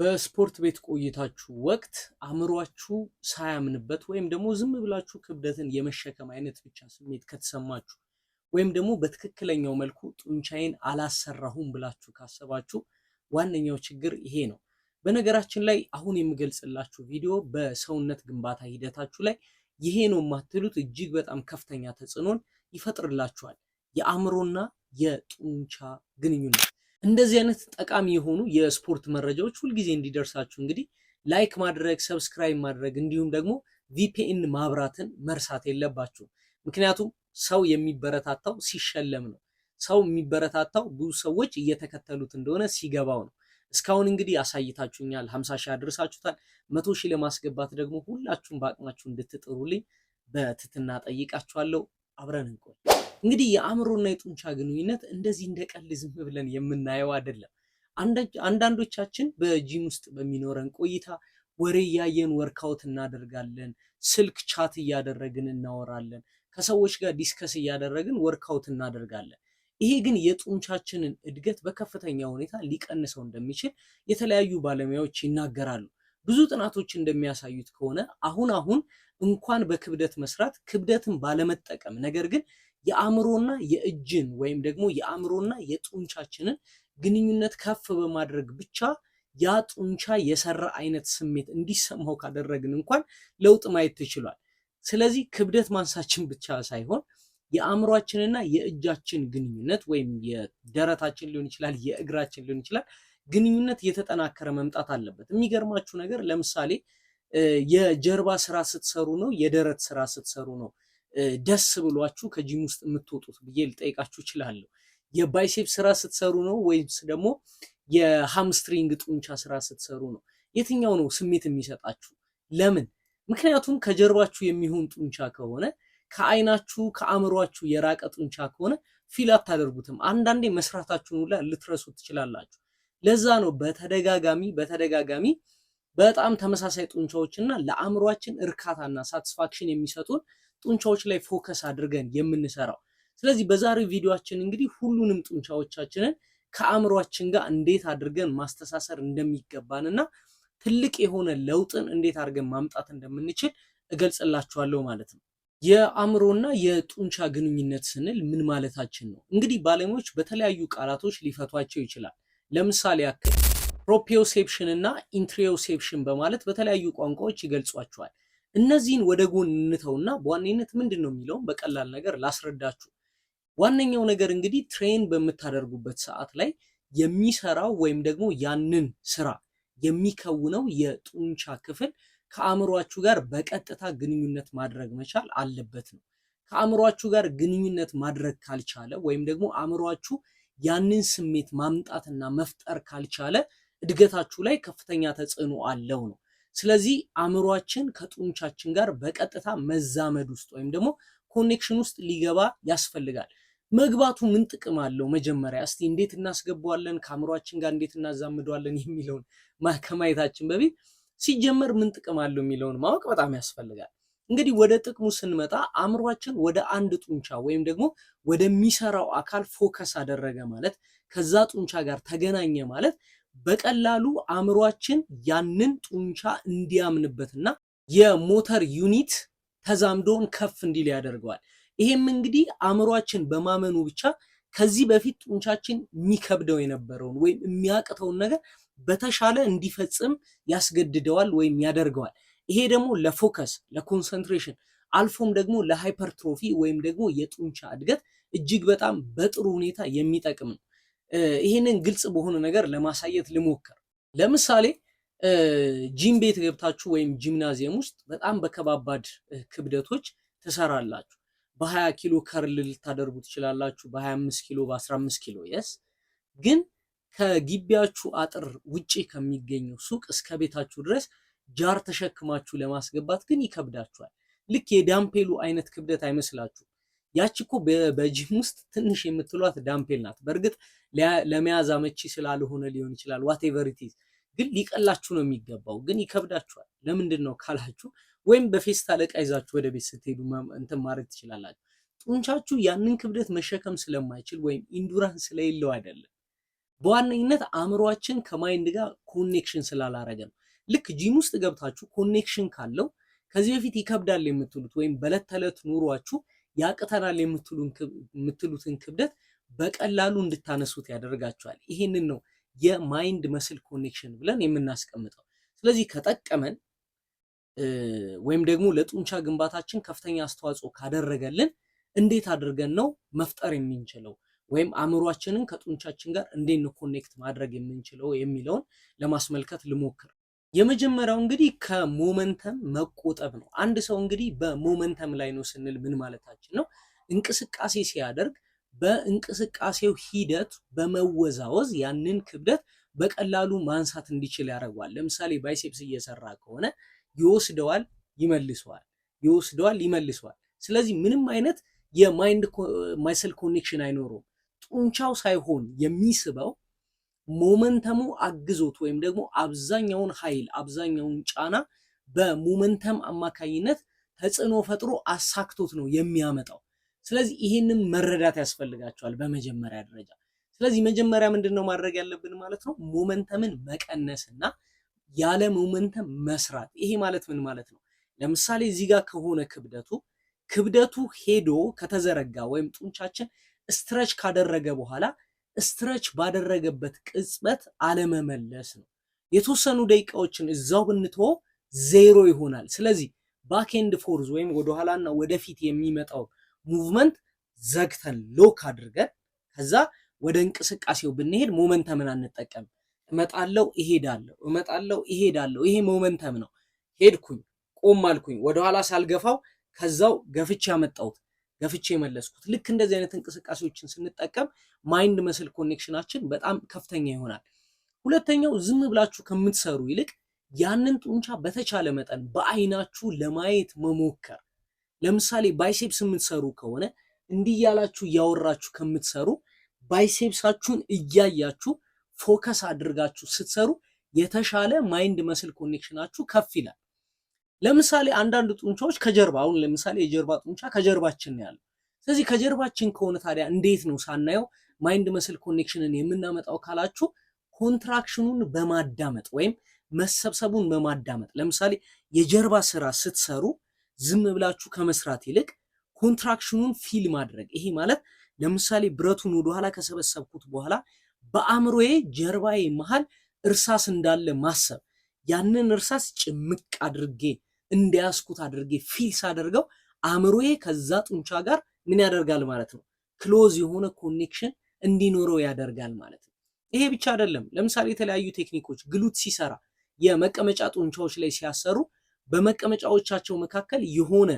በስፖርት ቤት ቆይታችሁ ወቅት አእምሯችሁ ሳያምንበት ወይም ደግሞ ዝም ብላችሁ ክብደትን የመሸከም አይነት ብቻ ስሜት ከተሰማችሁ ወይም ደግሞ በትክክለኛው መልኩ ጡንቻዬን አላሰራሁም ብላችሁ ካሰባችሁ ዋነኛው ችግር ይሄ ነው። በነገራችን ላይ አሁን የምገልጽላችሁ ቪዲዮ በሰውነት ግንባታ ሂደታችሁ ላይ ይሄ ነው የማትሉት እጅግ በጣም ከፍተኛ ተጽዕኖን ይፈጥርላችኋል። የአእምሮና የጡንቻ ግንኙነት እንደዚህ አይነት ጠቃሚ የሆኑ የስፖርት መረጃዎች ሁልጊዜ እንዲደርሳችሁ እንግዲህ ላይክ ማድረግ፣ ሰብስክራይብ ማድረግ እንዲሁም ደግሞ ቪፒኤን ማብራትን መርሳት የለባችሁ። ምክንያቱም ሰው የሚበረታታው ሲሸለም ነው። ሰው የሚበረታታው ብዙ ሰዎች እየተከተሉት እንደሆነ ሲገባው ነው። እስካሁን እንግዲህ አሳይታችሁኛል። ሀምሳ ሺህ አድርሳችሁታል። መቶ ሺህ ለማስገባት ደግሞ ሁላችሁም በአቅማችሁ እንድትጥሩልኝ በትትና ጠይቃችኋለሁ። አብረን እንቆይ። እንግዲህ የአእምሮና የጡንቻ ግንኙነት እንደዚህ እንደቀል ዝም ብለን የምናየው አይደለም። አንዳንዶቻችን በጂም ውስጥ በሚኖረን ቆይታ ወሬ እያየን ወርካውት እናደርጋለን። ስልክ ቻት እያደረግን እናወራለን። ከሰዎች ጋር ዲስከስ እያደረግን ወርካውት እናደርጋለን። ይሄ ግን የጡንቻችንን እድገት በከፍተኛ ሁኔታ ሊቀንሰው እንደሚችል የተለያዩ ባለሙያዎች ይናገራሉ። ብዙ ጥናቶች እንደሚያሳዩት ከሆነ አሁን አሁን እንኳን በክብደት መስራት ክብደትን ባለመጠቀም ነገር ግን የአእምሮና የእጅን ወይም ደግሞ የአእምሮና የጡንቻችንን ግንኙነት ከፍ በማድረግ ብቻ ያ ጡንቻ የሰራ አይነት ስሜት እንዲሰማው ካደረግን እንኳን ለውጥ ማየት ትችሏል። ስለዚህ ክብደት ማንሳችን ብቻ ሳይሆን የአእምሯችንና የእጃችን ግንኙነት ወይም የደረታችን ሊሆን ይችላል፣ የእግራችን ሊሆን ይችላል ግንኙነት እየተጠናከረ መምጣት አለበት። የሚገርማችሁ ነገር ለምሳሌ የጀርባ ስራ ስትሰሩ ነው፣ የደረት ስራ ስትሰሩ ነው ደስ ብሏችሁ ከጂም ውስጥ የምትወጡት ብዬ ልጠይቃችሁ እችላለሁ። የባይሴፕ ስራ ስትሰሩ ነው ወይስ ደግሞ የሃምስትሪንግ ጡንቻ ስራ ስትሰሩ ነው? የትኛው ነው ስሜት የሚሰጣችሁ? ለምን? ምክንያቱም ከጀርባችሁ የሚሆን ጡንቻ ከሆነ ከአይናችሁ ከአእምሯችሁ የራቀ ጡንቻ ከሆነ ፊል አታደርጉትም። አንዳንዴ መስራታችሁን ሁላ ልትረሱ ትችላላችሁ። ለዛ ነው በተደጋጋሚ በተደጋጋሚ በጣም ተመሳሳይ ጡንቻዎች እና ለአእምሯችን እርካታና ሳትስፋክሽን የሚሰጡን ጡንቻዎች ላይ ፎከስ አድርገን የምንሰራው። ስለዚህ በዛሬው ቪዲዮችን እንግዲህ ሁሉንም ጡንቻዎቻችንን ከአእምሯችን ጋር እንዴት አድርገን ማስተሳሰር እንደሚገባን እና ትልቅ የሆነ ለውጥን እንዴት አድርገን ማምጣት እንደምንችል እገልጽላችኋለሁ ማለት ነው። የአእምሮና የጡንቻ ግንኙነት ስንል ምን ማለታችን ነው? እንግዲህ ባለሙያዎች በተለያዩ ቃላቶች ሊፈቷቸው ይችላል። ለምሳሌ ያክል ፕሮፒዮሴፕሽን እና ኢንትሪዮሴፕሽን በማለት በተለያዩ ቋንቋዎች ይገልጿቸዋል። እነዚህን ወደ ጎን እንተውና በዋነኝነት ምንድን ነው የሚለውም በቀላል ነገር ላስረዳችሁ። ዋነኛው ነገር እንግዲህ ትሬን በምታደርጉበት ሰዓት ላይ የሚሰራው ወይም ደግሞ ያንን ስራ የሚከውነው የጡንቻ ክፍል ከአእምሯችሁ ጋር በቀጥታ ግንኙነት ማድረግ መቻል አለበት ነው። ከአእምሯችሁ ጋር ግንኙነት ማድረግ ካልቻለ ወይም ደግሞ አእምሯችሁ ያንን ስሜት ማምጣትና መፍጠር ካልቻለ እድገታችሁ ላይ ከፍተኛ ተጽዕኖ አለው ነው። ስለዚህ አእምሯችን ከጡንቻችን ጋር በቀጥታ መዛመድ ውስጥ ወይም ደግሞ ኮኔክሽን ውስጥ ሊገባ ያስፈልጋል። መግባቱ ምን ጥቅም አለው? መጀመሪያ እስቲ እንዴት እናስገባዋለን፣ ከአእምሯችን ጋር እንዴት እናዛምደዋለን የሚለውን ከማየታችን በፊት ሲጀመር ምን ጥቅም አለው የሚለውን ማወቅ በጣም ያስፈልጋል። እንግዲህ ወደ ጥቅሙ ስንመጣ አእምሯችን ወደ አንድ ጡንቻ ወይም ደግሞ ወደሚሰራው አካል ፎከስ አደረገ ማለት ከዛ ጡንቻ ጋር ተገናኘ ማለት በቀላሉ አእምሯችን ያንን ጡንቻ እንዲያምንበትና የሞተር ዩኒት ተዛምዶን ከፍ እንዲል ያደርገዋል። ይሄም እንግዲህ አእምሯችን በማመኑ ብቻ ከዚህ በፊት ጡንቻችን የሚከብደው የነበረውን ወይም የሚያቅተውን ነገር በተሻለ እንዲፈጽም ያስገድደዋል ወይም ያደርገዋል። ይሄ ደግሞ ለፎከስ፣ ለኮንሰንትሬሽን አልፎም ደግሞ ለሃይፐርትሮፊ ወይም ደግሞ የጡንቻ እድገት እጅግ በጣም በጥሩ ሁኔታ የሚጠቅም ነው። ይህንን ግልጽ በሆነ ነገር ለማሳየት ልሞክር ለምሳሌ ጂም ቤት ገብታችሁ ወይም ጂምናዚየም ውስጥ በጣም በከባባድ ክብደቶች ትሰራላችሁ። በ20 ኪሎ ከርል ልታደርጉ ትችላላችሁ፣ በ25 ኪሎ፣ በ15 ኪሎ የስ ግን ከግቢያችሁ አጥር ውጪ ከሚገኘው ሱቅ እስከ ቤታችሁ ድረስ ጃር ተሸክማችሁ ለማስገባት ግን ይከብዳችኋል። ልክ የዳምፔሉ አይነት ክብደት አይመስላችሁ። ያች እኮ በጂም ውስጥ ትንሽ የምትሏት ዳምፔል ናት። በእርግጥ ለመያዝ አመቺ ስላልሆነ ሊሆን ይችላል። ዋቴቨር ግን ሊቀላችሁ ነው የሚገባው፣ ግን ይከብዳችኋል። ለምንድን ነው ካላችሁ ወይም በፌስታል ዕቃ ይዛችሁ ወደ ቤት ስትሄዱ እንትን ማድረግ ትችላላችሁ። ጡንቻችሁ ያንን ክብደት መሸከም ስለማይችል ወይም ኢንዱራንስ ስለሌለው አይደለም። በዋነኝነት አእምሯችን ከማይንድ ጋር ኮኔክሽን ስላላረገ ነው። ልክ ጂም ውስጥ ገብታችሁ ኮኔክሽን ካለው ከዚህ በፊት ይከብዳል የምትሉት ወይም በዕለት ተዕለት ኑሯችሁ ያቅተናል የምትሉትን ክብደት በቀላሉ እንድታነሱት ያደርጋቸዋል። ይህንን ነው የማይንድ መስል ኮኔክሽን ብለን የምናስቀምጠው። ስለዚህ ከጠቀመን ወይም ደግሞ ለጡንቻ ግንባታችን ከፍተኛ አስተዋጽኦ ካደረገልን እንዴት አድርገን ነው መፍጠር የምንችለው ወይም አእምሯችንን ከጡንቻችን ጋር እንዴት ነው ኮኔክት ማድረግ የምንችለው የሚለውን ለማስመልከት ልሞክር። የመጀመሪያው እንግዲህ ከሞመንተም መቆጠብ ነው። አንድ ሰው እንግዲህ በሞመንተም ላይ ነው ስንል ምን ማለታችን ነው? እንቅስቃሴ ሲያደርግ በእንቅስቃሴው ሂደት በመወዛወዝ ያንን ክብደት በቀላሉ ማንሳት እንዲችል ያደርገዋል። ለምሳሌ ባይሴፕስ እየሰራ ከሆነ ይወስደዋል፣ ይመልሰዋል፣ ይወስደዋል፣ ይመልሰዋል። ስለዚህ ምንም አይነት የማይንድ ማይሰል ኮኔክሽን አይኖረውም። ጡንቻው ሳይሆን የሚስበው ሞመንተሙ አግዞት ወይም ደግሞ አብዛኛውን ኃይል አብዛኛውን ጫና በሞመንተም አማካኝነት ተጽዕኖ ፈጥሮ አሳክቶት ነው የሚያመጣው። ስለዚህ ይህንም መረዳት ያስፈልጋቸዋል በመጀመሪያ ደረጃ። ስለዚህ መጀመሪያ ምንድን ነው ማድረግ ያለብን ማለት ነው ሞመንተምን መቀነስና ያለ ሞመንተም መስራት። ይሄ ማለት ምን ማለት ነው? ለምሳሌ እዚህ ጋር ከሆነ ክብደቱ ክብደቱ ሄዶ ከተዘረጋ ወይም ጡንቻችን ስትረች ካደረገ በኋላ ስትረች ባደረገበት ቅጽበት አለመመለስ ነው። የተወሰኑ ደቂቃዎችን እዛው ብንትሆ ዜሮ ይሆናል። ስለዚህ ባክኤንድ ፎርዝ ወይም ወደኋላና ወደፊት የሚመጣው ሙቭመንት ዘግተን ሎክ አድርገን ከዛ ወደ እንቅስቃሴው ብንሄድ ሞመንተምን አንጠቀም። እመጣለው፣ እሄዳለው፣ እመጣለው፣ እሄዳለው። ይሄ ሞመንተም ነው። ሄድኩኝ፣ ቆም አልኩኝ፣ ወደኋላ ሳልገፋው ከዛው ገፍቼ ያመጣሁት ገፍቼ የመለስኩት። ልክ እንደዚህ አይነት እንቅስቃሴዎችን ስንጠቀም ማይንድ መስል ኮኔክሽናችን በጣም ከፍተኛ ይሆናል። ሁለተኛው ዝም ብላችሁ ከምትሰሩ ይልቅ ያንን ጡንቻ በተቻለ መጠን በአይናችሁ ለማየት መሞከር። ለምሳሌ ባይሴፕስ የምትሰሩ ከሆነ እንዲህ እያላችሁ እያወራችሁ ከምትሰሩ ባይሴፕሳችሁን እያያችሁ ፎከስ አድርጋችሁ ስትሰሩ የተሻለ ማይንድ መስል ኮኔክሽናችሁ ከፍ ይላል። ለምሳሌ አንዳንድ ጡንቻዎች ከጀርባ አሁን ለምሳሌ የጀርባ ጡንቻ ከጀርባችን ነው ያለው። ስለዚህ ከጀርባችን ከሆነ ታዲያ እንዴት ነው ሳናየው ማይንድ መስል ኮኔክሽንን የምናመጣው ካላችሁ ኮንትራክሽኑን በማዳመጥ ወይም መሰብሰቡን በማዳመጥ ለምሳሌ የጀርባ ስራ ስትሰሩ ዝም ብላችሁ ከመስራት ይልቅ ኮንትራክሽኑን ፊል ማድረግ። ይሄ ማለት ለምሳሌ ብረቱን ወደኋላ ከሰበሰብኩት በኋላ በአእምሮዬ ጀርባዬ መሃል እርሳስ እንዳለ ማሰብ ያንን እርሳስ ጭምቅ አድርጌ እንዲያስኩት አድርጌ ፊል ሳደርገው አእምሮዬ ከዛ ጡንቻ ጋር ምን ያደርጋል ማለት ነው፣ ክሎዝ የሆነ ኮኔክሽን እንዲኖረው ያደርጋል ማለት ነው። ይሄ ብቻ አይደለም። ለምሳሌ የተለያዩ ቴክኒኮች ግሉት ሲሰራ የመቀመጫ ጡንቻዎች ላይ ሲያሰሩ በመቀመጫዎቻቸው መካከል የሆነ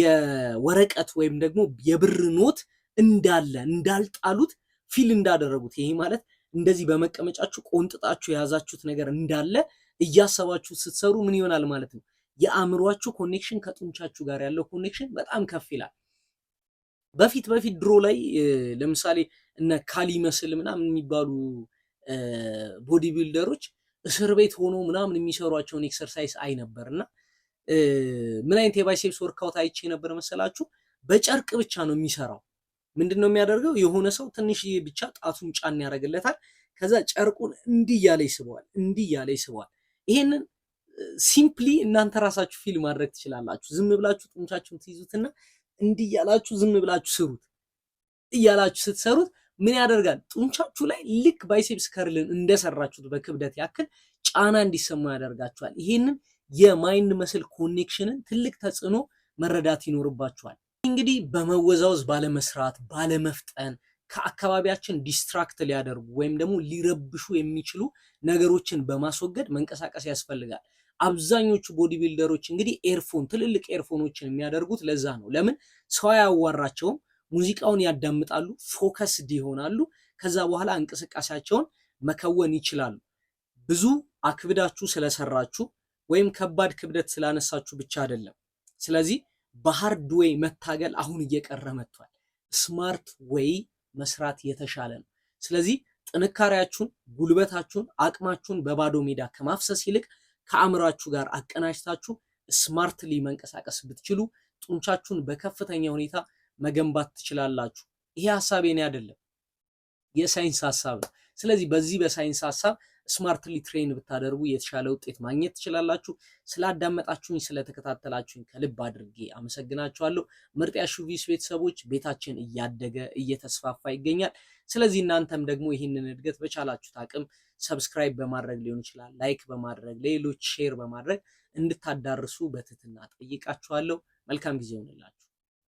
የወረቀት ወይም ደግሞ የብር ኖት እንዳለ እንዳልጣሉት ፊል እንዳደረጉት ይሄ ማለት እንደዚህ በመቀመጫችሁ ቆንጥጣችሁ የያዛችሁት ነገር እንዳለ እያሰባችሁ ስትሰሩ ምን ይሆናል ማለት ነው የአእምሯችሁ ኮኔክሽን ከጡንቻችሁ ጋር ያለው ኮኔክሽን በጣም ከፍ ይላል። በፊት በፊት ድሮ ላይ ለምሳሌ እነ ካሊ መስል ምናምን የሚባሉ ቦዲ ቢልደሮች እስር ቤት ሆኖ ምናምን የሚሰሯቸውን ኤክሰርሳይዝ አይ ነበር እና ምን አይነት የባይሴፕስ ወርካውት አይቼ ነበር መሰላችሁ? በጨርቅ ብቻ ነው የሚሰራው። ምንድን ነው የሚያደርገው? የሆነ ሰው ትንሽ ብቻ ጣቱን ጫን ያደርግለታል። ከዛ ጨርቁን እንዲህ እያለ ይስበዋል፣ እንዲህ እያለ ይስበዋል። ይሄንን ሲምፕሊ እናንተ ራሳችሁ ፊል ማድረግ ትችላላችሁ። ዝም ብላችሁ ጡንቻችሁን ትይዙትና እንዲህ እያላችሁ ዝም ብላችሁ ስሩት። እያላችሁ ስትሰሩት ምን ያደርጋል? ጡንቻችሁ ላይ ልክ ባይሴፕስ ከርልን እንደሰራችሁት በክብደት ያክል ጫና እንዲሰሙ ያደርጋችኋል። ይሄንን የማይንድ መስል ኮኔክሽንን ትልቅ ተጽዕኖ መረዳት ይኖርባችኋል። እንግዲህ በመወዛወዝ ባለመስራት፣ ባለመፍጠን ከአካባቢያችን ዲስትራክት ሊያደርጉ ወይም ደግሞ ሊረብሹ የሚችሉ ነገሮችን በማስወገድ መንቀሳቀስ ያስፈልጋል። አብዛኞቹ ቦዲ ቢልደሮች እንግዲህ ኤርፎን ትልልቅ ኤርፎኖችን የሚያደርጉት ለዛ ነው። ለምን ሰው ያዋራቸውም፣ ሙዚቃውን ያዳምጣሉ፣ ፎከስድ ይሆናሉ። ከዛ በኋላ እንቅስቃሴያቸውን መከወን ይችላሉ። ብዙ አክብዳችሁ ስለሰራችሁ ወይም ከባድ ክብደት ስላነሳችሁ ብቻ አይደለም። ስለዚህ በሃርድ ዌይ መታገል አሁን እየቀረ መጥቷል። ስማርት ዌይ መስራት የተሻለ ነው። ስለዚህ ጥንካሬያችሁን፣ ጉልበታችሁን፣ አቅማችሁን በባዶ ሜዳ ከማፍሰስ ይልቅ ከአእምሯችሁ ጋር አቀናጅታችሁ ስማርትሊ መንቀሳቀስ ብትችሉ ጡንቻችሁን በከፍተኛ ሁኔታ መገንባት ትችላላችሁ። ይሄ ሀሳብ የኔ አይደለም፣ የሳይንስ ሀሳብ ነው። ስለዚህ በዚህ በሳይንስ ሀሳብ ስማርትሊ ትሬን ብታደርጉ የተሻለ ውጤት ማግኘት ትችላላችሁ። ስላዳመጣችሁኝ፣ ስለተከታተላችሁኝ ከልብ አድርጌ አመሰግናችኋለሁ። ምርጥ ያሹቪስ ቤተሰቦች ቤታችን እያደገ እየተስፋፋ ይገኛል። ስለዚህ እናንተም ደግሞ ይህንን እድገት በቻላችሁት አቅም ሰብስክራይብ በማድረግ ሊሆን ይችላል፣ ላይክ በማድረግ ለሌሎች ሼር በማድረግ እንድታዳርሱ በትህትና ጠይቃችኋለሁ። መልካም ጊዜ ይሆንላችሁ።